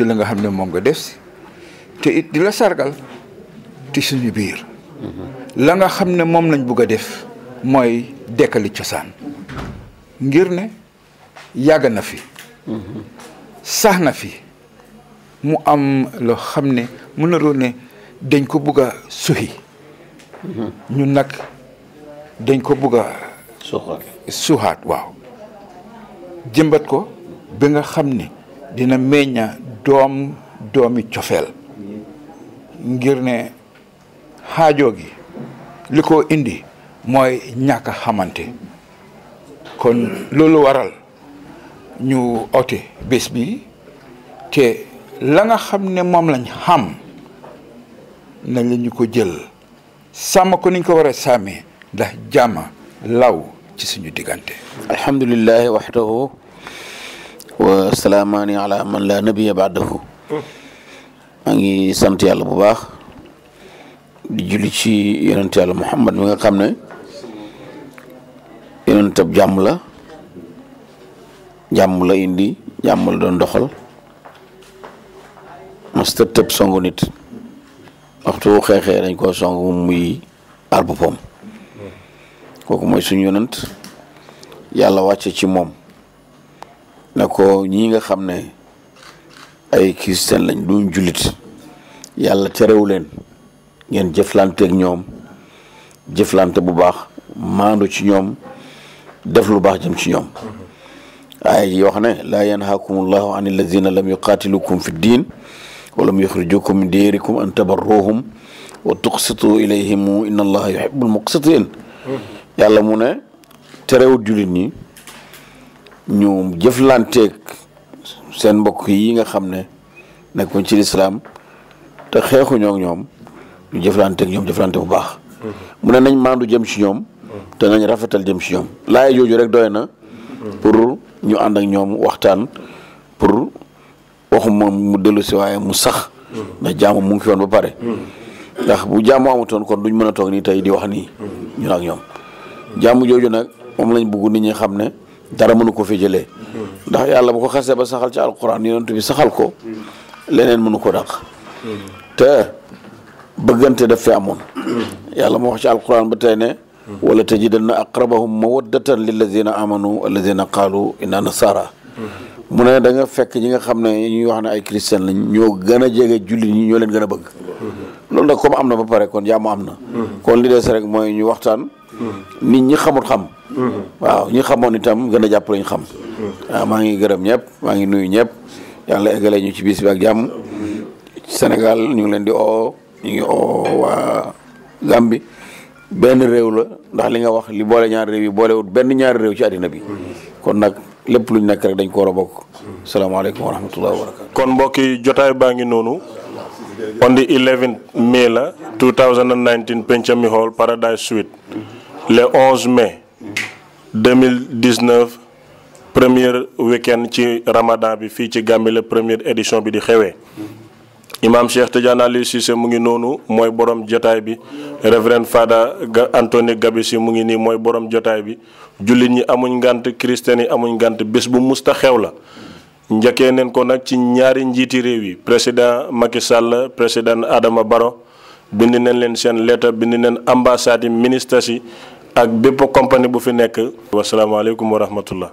ci la nga xam ne moom nga def si te it di la sargal ci suñu biir la nga xam ne moom lañ bugg a def mooy dekkali cosaan ngir ne yàgg na fi sax na fi mu am loo xam ne mën na doon ne dañ ko bugg a suxi ñun nag dañ ko bugg a suxaat waaw jëmbat ko bi nga xam ne dina meñña doom doomi cofeel ngir ne xaajoo gi li ko indi mooy ñàkk a xamante kon loolu waral ñu oote bés bi te la nga xam ne moom lañ xam na la ñu ko jël sàmm ko niñ ko war a sàmmee ndax jàmm law ci suñu diggante alhamdulillahi waxdahu wa salaamaani ala man la nabiya ba'dahu maa ngi sant yàlla bu baax di julli ci yonent yàlla Muhammad mi nga xam ne yonent ab jàmm la jàmm la indi jàmm doon doxal masta tëb songu waxtu xeexee dañ koo songu muy aar boppam kooku mooy suñu yàlla wàcce ci moom na ko ñii nga xam ne ay christian lañ duñ jullit yàlla terewu leen ngeen jëflanteeg ñoom jëflante bu baax maandu ci ñoom def lu baax jëm ci ñoom ay yoo xam ne laa yanhaakumullahu an alladina lam yuqaatilukum fi diin walam yuxrijukum min diyarikum an tabarruhum wa tuqsitu ilayhim inna allaha yuhibbul muqsitin hmm. yàlla mu ne terewut jullit ñi ñu jëflanteeg seen mbokk yi nga xam ne nekkuñ ci lislaam te xeexuñoo ñoom ñu jëflanteeg ñoom jëflante bu baax. Mm-hmm. mu ne nañ maandu jëm ci ñoom. te nañ rafetal jëm ci ñoom laay jooju rek doy na. pour ñu ànd ak ñoom waxtaan pour waxuma mu dellu si waaye mu sax. Mm-hmm. ndax jaamu mu ngi fi woon ba pare. Mm-hmm. ndax bu jaamu amutoon kon duñ mën a toog nii te di wax nii. ñun ak ñoom jaamu jooju nag moom lañ bëgg nit ñi xam ne. dara mënu ko fi jële ndax yàlla bu ko xasee ba saxal ci alquran yonent bi saxal ko leneen mënu ko dàq te bëggante daf fi amoon yàlla moo wax ci alquran ba tey ne wala tajidanna aqrabahum mawaddatan lilladina amanu alladina qaalu inna nasara mu ne danga fekk ñi nga xam ne ñu wax ne ay christian lañ ñoo gën a jege jullit ñi ñoo leen gën a bëgg loolu nag comme am na ba pare kon jàmm am na kon li des rek mooy ñu waxtaan nit ñi xamul xam. Mm-hmm. waaw ñi xamoon itam gën a jàpp lañu xam. waaw mm-hmm. ah, maa ngi gërëm ñëpp maa ngi nuyu ñëpp yàlla eggale ñu ci bis bi ak jàmm. Mm-hmm. Sénégal ñu ngi leen di oo ñu oo waa Gambie benn réew la ndax li nga wax li boole ñaari réew yi boolewut benn ñaari réew ci àddina bi. kon nag lépp luñ nekk rek dañ ko war a bokk. salaamaaleykum wa rahmatulah wa barakaatu. kon mbokk jotaay baa ngi noonu. on the 11th May la 2019 Pencami Hall Paradise Suite. le 11 mai 2019 premier week-end ci ramadan bi fii la première édition bi di imam Cheikh Tidiane Aliou Cissé mu ngi noonu borom jotay bi Reverend Fada Anthony Gabissi mu ngi nii borom jotay bi jullit ñi amuñ ngant chrétien amuñ ngant bés bu musta xew la njëkkee nen ko nak ci ñaari njiti rew yi président Macky Sall président Adama Baro, bind neen lettre bind ambassade yi ak bépp compagnie bu fi nekk. wasalaamaaleykum wa rahmatullah.